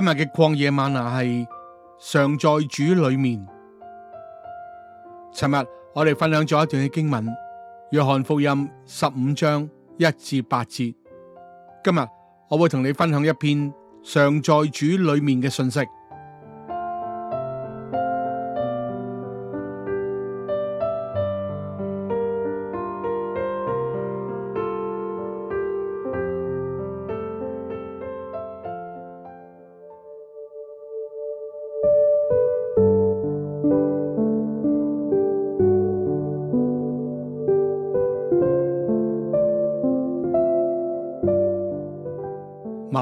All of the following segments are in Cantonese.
今日嘅曠野嗎哪係常在主裏面。尋日我哋分享咗一段嘅經文，約翰福音十五章一至八節。今日我會同你分享一篇常在主裏面嘅信息。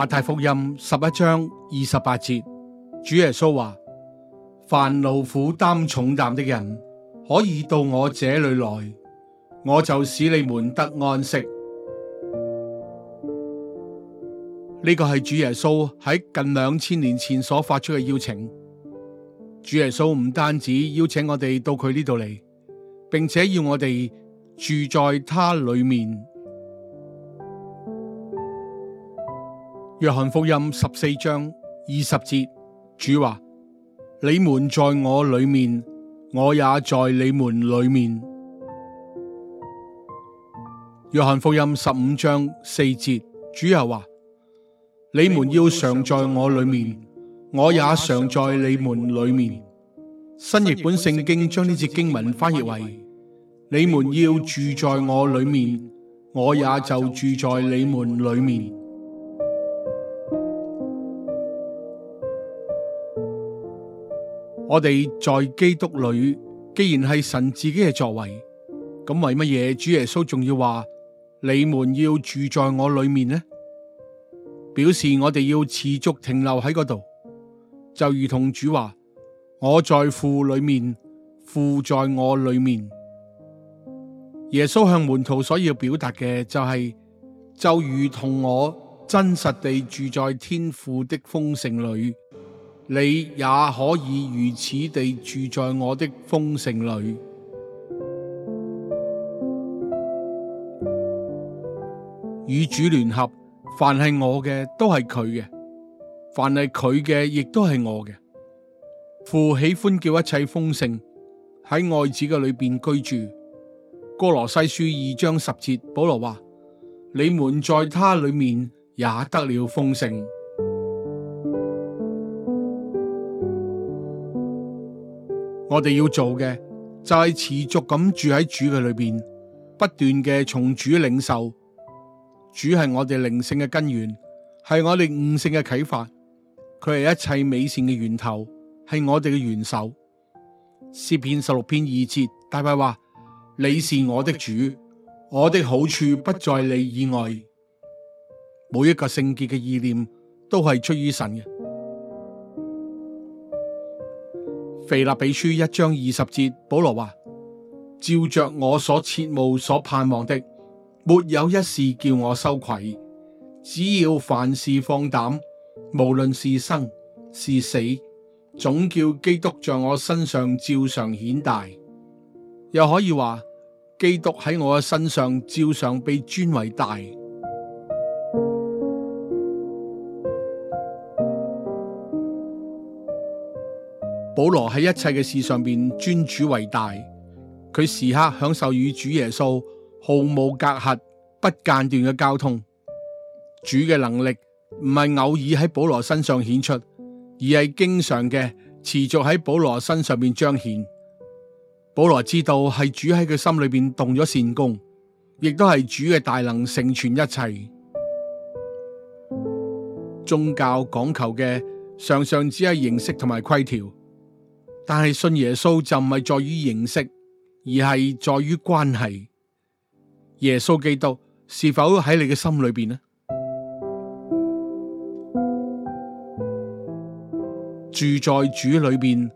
太福音十一章二十八節，主耶穌話：凡勞苦擔重擔的人，可以到我這裡來，我就使你們得安息。呢、這個係主耶穌喺近兩千年前所發出嘅邀請。主耶穌唔單止邀請我哋到佢呢度嚟，並且要我哋住在他裡面。約翰福音十四章二十節，主話：你們在我裡面，我也在你們裡面。約翰福音十五章四節，主又話：你們要常在我裡面，我也常在你們裡面。新譯本聖經將呢節經文翻譯為：你們要住在我裡面，我也就住在你們裡面。我哋在基督裏，既然係神自己嘅作為，咁為乜嘢主耶穌仲要話你們要住在我裏面呢？表示我哋要持續停留喺嗰度，就如同主話我在父裏面，父在我裏面。耶穌向門徒所要表達嘅就係、是，就如同我真實地住在天父的豐盛裏。你也可以如此地住在我的豐盛裏，與主聯合，凡係我嘅都係佢嘅，凡係佢嘅亦都係我嘅。父喜歡叫一切豐盛喺愛子嘅裏邊居住。哥羅西書二章十節，保羅話：你們在他裏面也得了豐盛。我哋要做嘅就係、是、持續咁住喺主嘅裏邊，不斷嘅從主領受。主係我哋靈性嘅根源，係我哋悟性嘅啟發。佢係一切美善嘅源頭，係我哋嘅元首。詩篇十六篇二節大衛話：你是我的主，我的好處不在你以外。每一個聖潔嘅意念都係出於神嘅。腓立比書一章二十節，保羅話：照着我所切慕所盼望的，沒有一事叫我羞愧；只要凡事放膽，無論是生是死，總叫基督在我身上照常顯大。又可以話，基督喺我嘅身上照常被尊為大。保羅喺一切嘅事上邊尊主為大，佢時刻享受與主耶穌毫無隔閡、不間斷嘅交通。主嘅能力唔係偶爾喺保羅身上顯出，而係經常嘅持續喺保羅身上面彰顯。保羅知道係主喺佢心裏邊動咗善功，亦都係主嘅大能成全一切。宗教講求嘅，常常只係形式同埋規條。但係信耶穌就唔係在於認識，而係在於關係。耶穌基督是否喺你嘅心裏邊呢？住在主裏邊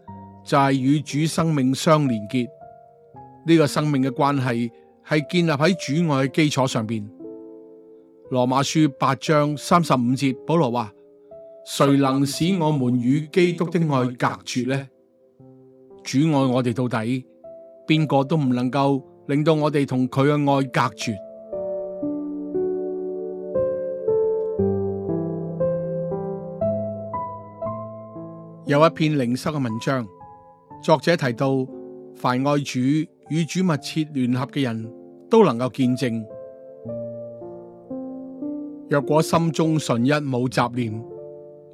就係、是、與主生命相連結。呢、這個生命嘅關係係建立喺主愛嘅基礎上邊。羅馬書八章三十五節，保羅話：誰能使我們與基督的愛隔絕呢？主愛我哋到底，邊個都唔能夠令到我哋同佢嘅愛隔絕。 有一篇靈修嘅文章，作者提到，凡愛主與主密切聯合嘅人都能夠見證。若果心中純一冇雜念，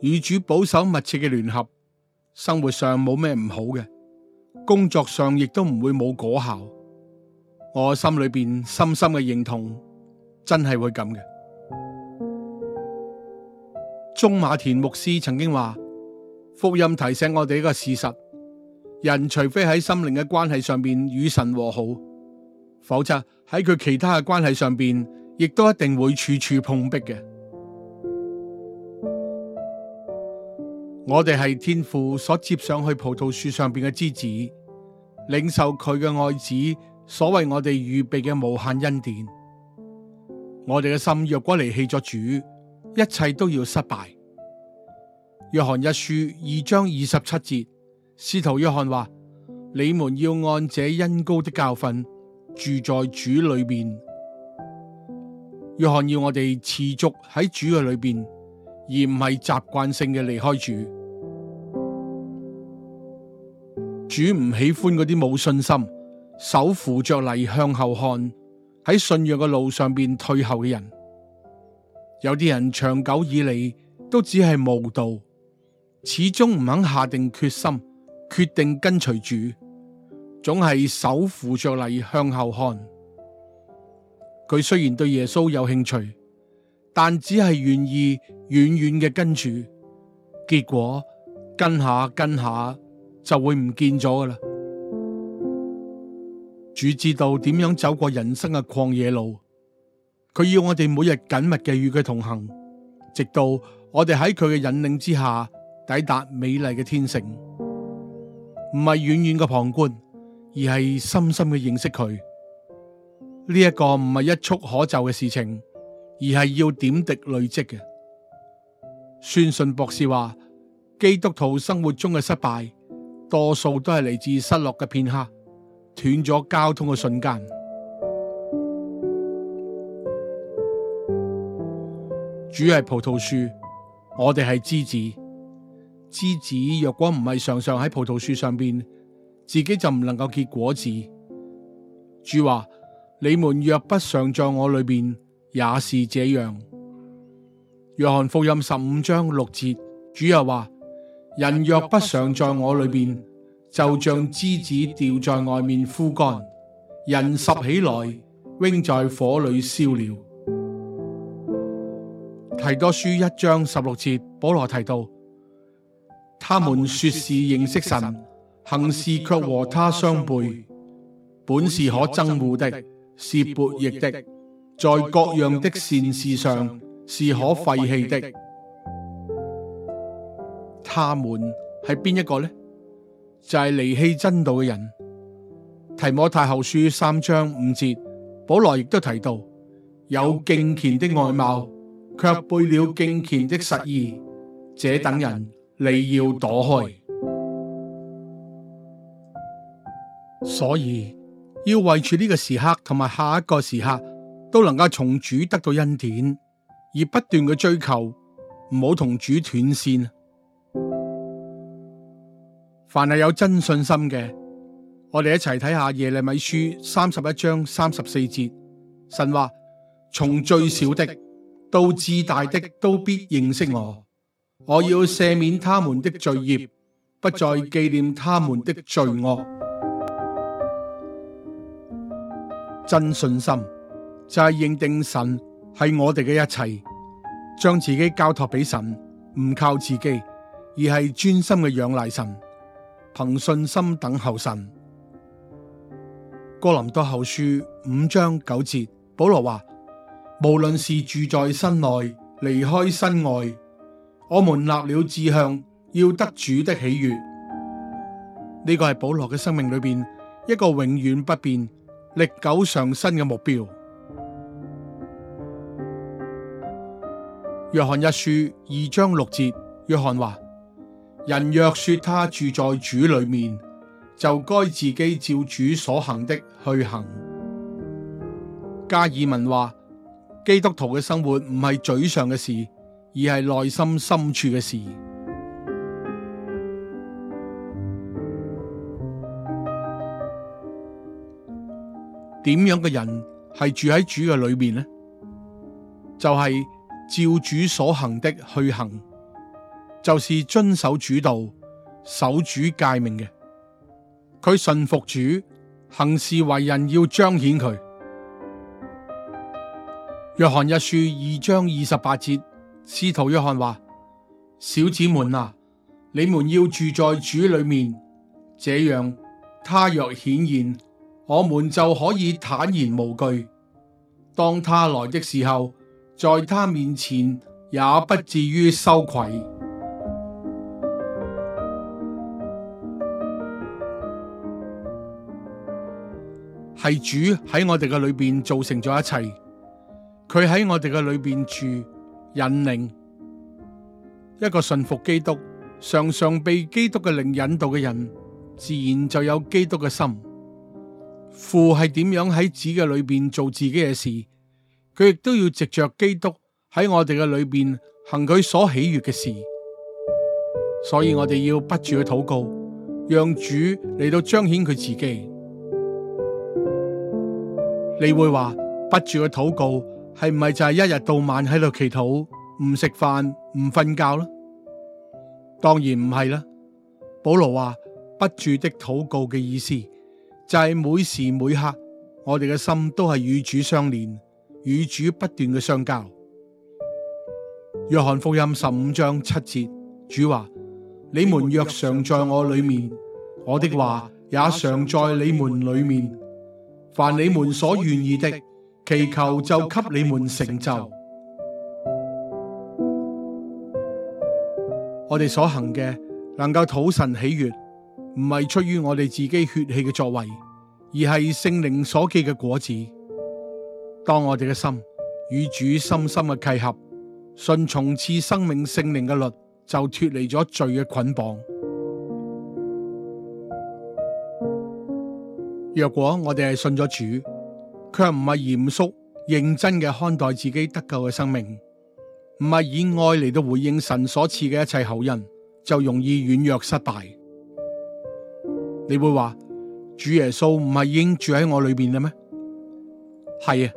與主保守密切嘅聯合，生活上冇咩唔好嘅。工作上亦都唔會冇果效，我心裏邊深深嘅認同，真係會咁嘅。中馬田牧師曾經話：福音提醒我哋一個事實，人除非喺心靈嘅關係上邊與神和好，否則喺佢其他嘅關係上邊，亦都一定會處處碰壁嘅。我哋係天父所接上去葡萄樹上邊嘅枝子。領受佢嘅愛子所為我哋預備嘅無限恩典，我哋嘅心若果離棄咗主，一切都要失敗。約翰一書二章二十七節，司徒約翰話：你們要按這恩膏的教訓，住在主裏邊。約翰要我哋持續喺主嘅裏邊，而唔係習慣性嘅離開主。主唔喜歡嗰啲冇信心、手扶着犁向後看喺信仰嘅路上邊退後嘅人。有啲人長久以嚟都只係慕道，始終唔肯下定決心，決定跟隨主，總係手扶着犁向後看。佢雖然對耶穌有興趣，但只係願意遠遠嘅跟住，結果跟下跟下。就會唔見咗㗎喇。主知道點樣走過人生嘅曠野路，佢要我哋每日緊密嘅與佢同行，直到我哋喺佢嘅引領之下抵達美麗嘅天城。唔係遠遠嘅旁觀，而係深深嘅認識佢。呢一個唔係一蹴可就嘅事情，而係要點滴累積嘅。宣信博士話：基督徒生活中嘅失敗。多數都係嚟自失落嘅片刻，斷咗交通嘅瞬間。主係葡萄樹，我哋係枝子。枝子若果唔係常常喺葡萄樹上邊，自己就唔能夠結果子。主話：你們若不常在我裏面，也是這樣。約翰福音十五章六節，主又話。人若不常在我裏面，就像枝子掉在外面枯乾；人拾起來，扔在火裏燒了。提多書一章十六節，保羅提到：他們說是認識神，識神行事卻和他相背，本是可憎惡的，的，是悖逆的，在各樣的善事上，善事上是可廢棄的。他們係邊一個呢？就係離棄真道嘅人。提摩太後書三章五節，保羅亦都提到：有敬虔的外貌，卻背了敬虔，敬虔的實意，這等人你要，要躲開。所以要為住呢個時刻同埋下一個時刻都能夠從主得到恩典，而不斷嘅追求，唔好同主斷線。凡係有真信心嘅，我哋一齊睇下耶利米書三十一章三十四節，神話：從最小的到至大的都必認識我，我要赦免他們的罪孽，不再紀念他們的罪惡。真信心就係、是、認定神係我哋嘅一切，將自己交託俾神，唔靠自己，而係專心嘅仰賴神。憑信心等候神。哥林多後書五章九節，保羅話：無論是住在身內，離開身外，我們立了志向，要得主的喜悦。呢、這個係保羅嘅生命裏邊一個永遠不變、歷久常新嘅目標。約翰一書二章六節，約翰話。人若說他住在主裏面，就該自己照主所行的去行。加爾文話：基督徒嘅生活唔係嘴上嘅事，而係內心深處嘅事。點樣嘅人係住喺主嘅裏面呢？就係照主所行的去行。就是遵守主道，守主誡命嘅。佢信服主，行事為人要彰顯佢。 約翰一書二章二十八節，司徒約翰話， 小子們啊，你們要住在主裏面，這樣，他若顯現，我們就可以坦然無懼。當他來的時候，在他面前也不至於羞愧。係主喺我哋嘅裏邊造成咗一切，佢喺我哋嘅裏邊住。引領一個信服基督、常常被基督嘅靈引導嘅人，自然就有基督嘅心。父係點樣喺子嘅裏邊做自己嘅事，佢亦都要藉着基督喺我哋嘅裏邊行佢所喜悅嘅事。所以我哋要不住去禱告，讓主嚟到彰顯佢自己。你會話不住嘅禱告係唔係就係一日到晚喺度祈禱，唔食飯，唔瞓覺呢？當然唔係啦。保羅話不住的禱告嘅意思就係每時每刻，我哋嘅心都係與主相連，與主不斷嘅相交。約翰福音十五章七節，主話：你們若常在我裡面，我的話也常在你們裡面。凡你們所願意的，祈求就給你們成就。我哋所行嘅能夠討神喜悅，唔係出於我哋自己血氣嘅作為，而係聖靈所結嘅果子。當我哋嘅心與主深深嘅契合，順從賜生命聖靈嘅律，就脫離咗罪嘅捆綁。若果我哋係信咗主，卻唔係嚴肅認真嘅看待自己得救嘅生命，唔係以愛嚟到回應神所賜嘅一切厚恩，就容易軟弱失敗。你會話主耶穌唔係已經住喺我裏面啦咩？係啊，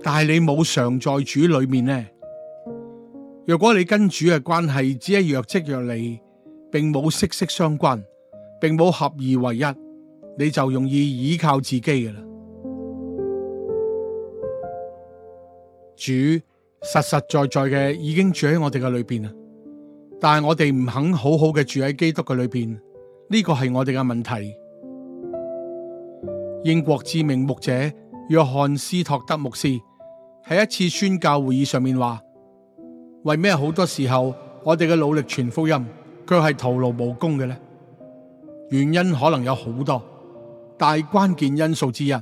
但係你冇常在主裏面呢。若果你跟主嘅關係只係若即若離，並冇息息相關，並冇合二為一。你就容易倚靠自己嘅啦。主實實在在嘅已經住喺我哋嘅裏邊，但係我哋唔肯好好嘅住喺基督嘅裏邊，呢個係我哋嘅問題。英國知名牧者約翰斯托德牧師喺一次宣教會議上面話：為咩好多時候我哋嘅努力傳福音，却係徒勞無功嘅呢？原因可能有好多。大關鍵因素之一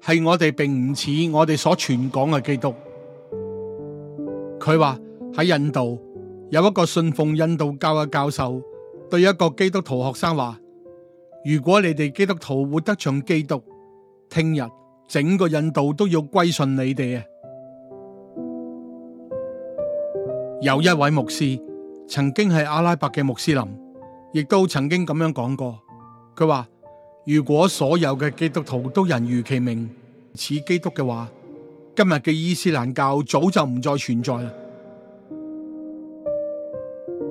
係我哋並唔似我哋所傳講嘅基督。佢話喺印度有一個信奉印度教嘅教授，對一個基督徒學生話：如果你哋基督徒活得像基督，聽日整個印度都要歸順你哋啊！有一位牧師曾經係阿拉伯嘅穆斯林，亦都曾經咁樣講過。佢話。如果所有嘅基督徒都人如其名，似基督嘅話，今日嘅伊斯蘭教早就唔再存在啦。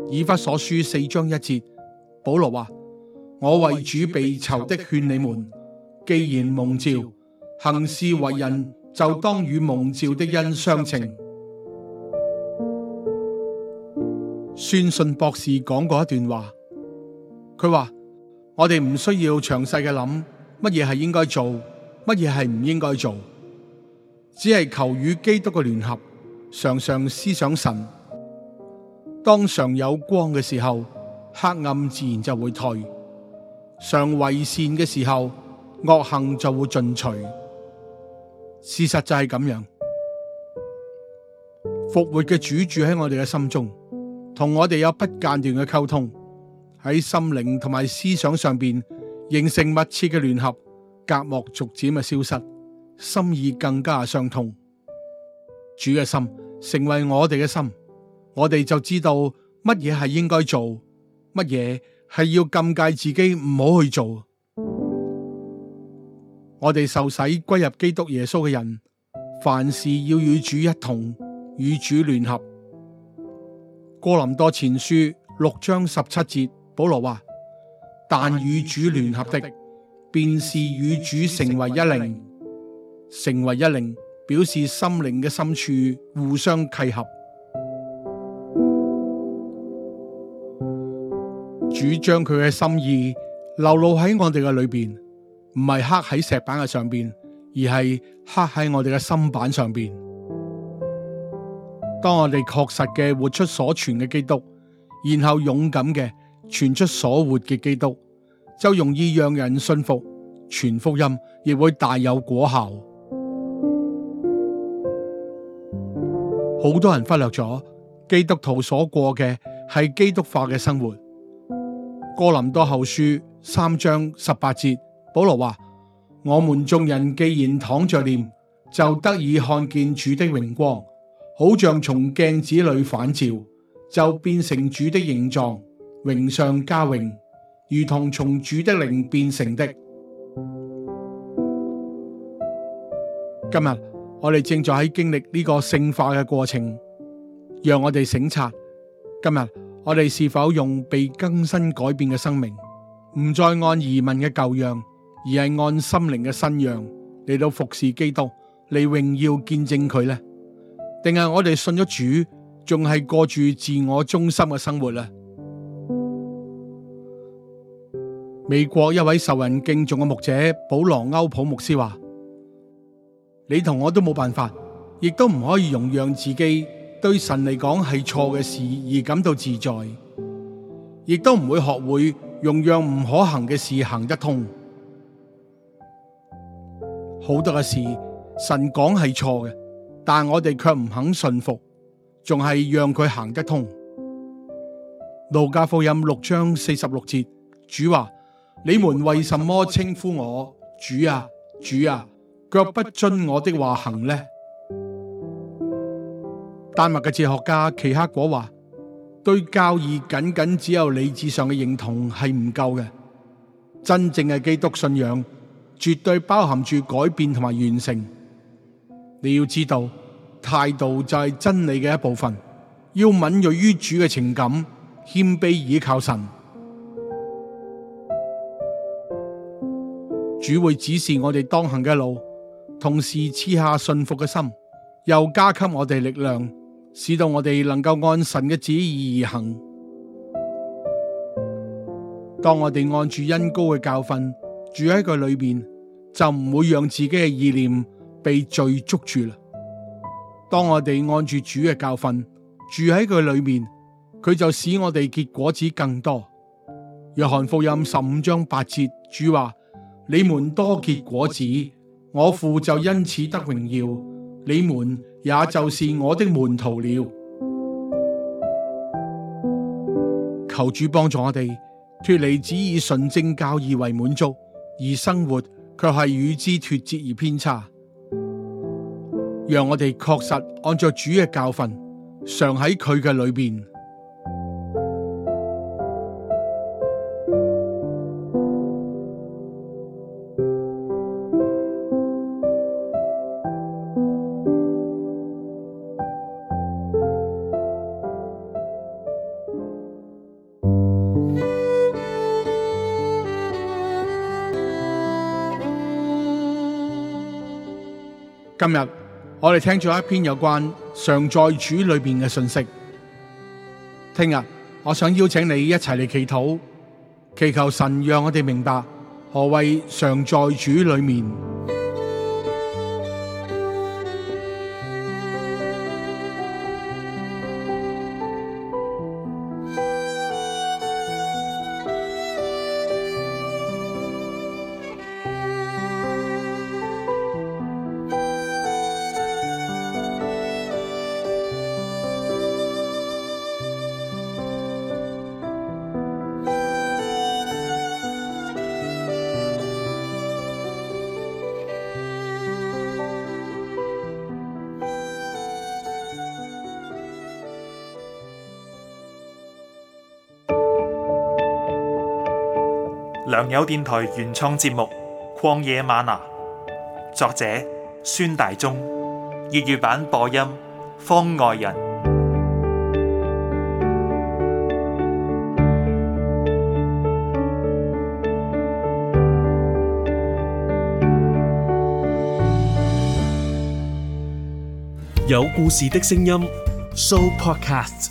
以弗所書四章一節，保羅話：我為主被囚的勸你們，既然蒙召，行事為人就當與蒙召的恩相稱。宣信博士講過一段話，佢話。我哋唔需要詳細嘅諗乜嘢係應該做，乜嘢係唔應該做，只係求與基督嘅聯合，常常思想神。當常有光嘅時候，黑暗自然就會退；常為善嘅時候，惡行就會盡除。事實就係咁樣。復活嘅主住喺我哋嘅心中，同我哋有不間斷嘅溝通。喺心靈同埋思想上邊形成密切嘅聯合，隔膜逐漸嘅消失，心意更加相通。主嘅心成為我哋嘅心，我哋就知道乜嘢係應該做，乜嘢係要禁戒自己唔好去做。我哋受洗歸入基督耶穌嘅人，凡事要與主一同，與主聯合。哥林多前書六章十七節。保羅話：但與主聯合的，便是與主成為一靈。成為一靈，表示心靈嘅深處互相契合。主將佢嘅心意流露喺我哋嘅裏邊，唔係刻喺石板嘅上邊，而係刻喺我哋嘅心板上邊。當我哋確實嘅活出所存嘅基督，然後勇敢嘅。傳出所活嘅基督就容易讓人信服，傳福音亦會大有果效。好多人忽略咗基督徒所過嘅係基督化嘅生活。哥林多後書三章十八節，保羅話：我們眾人既然躺着念，就得以看見主的榮光，好像從鏡子裏反照，就變成主的形狀。榮上加榮，如同從主的靈變成的。今日我哋正在喺經歷呢個聖化嘅過程，讓我哋省察，今日我哋是否用被更新改變嘅生命，唔再按儀文嘅舊樣，而係按心靈嘅新樣嚟到服侍基督，嚟榮耀見證佢呢？定係我哋信咗主，仲係過住自我中心嘅生活呢？美國一位受人敬重嘅牧者保羅歐普牧師話：你同我都冇辦法，亦都唔可以容讓自己對神嚟講係錯嘅事而感到自在，亦都唔會學會容讓唔可行嘅事行得通。好多嘅事，神講係錯嘅，但我哋卻唔肯信服，仲係讓佢行得通。路加福音六章四十六節，主話。你們為什麼稱呼我主啊主啊，却、啊、不遵我的話行呢？丹麥嘅哲學家奇克果話：對教義僅僅僅只有理智上嘅認同係唔夠嘅，真正嘅基督信仰絕對包含住改變同埋完成。你要知道，態度就係真理嘅一部分，要敏銳於主嘅情感，謙卑倚靠神。主會指示我哋當行嘅路，同時賜下信服嘅心，又加給我哋力量，使到我哋能夠按神嘅旨意而行。當我哋按住恩膏嘅教訓住喺佢裏面，就唔會讓自己嘅意念被罪捉住啦。當我哋按住主嘅教訓住喺佢裏面，佢就使我哋結果子更多。約翰福音十五章八節，主話。你們多結果子，我父就因此得榮耀。你們也就是我的門徒了。求主幫助我哋脫離只以純正教義為滿足，而生活卻係與之脫節而偏差。讓我哋確實按照主嘅教訓，常喺佢嘅裏邊。今日我哋聽咗一篇有關常在主裏面嘅信息。聽日我想邀請你一齊嚟祈禱，祈求神讓我哋明白何謂常在主裏面。良友電台原創節目《曠野嗎哪》，作者孫大中，粵語版播音方外人，有故事的聲音，So Podcasts。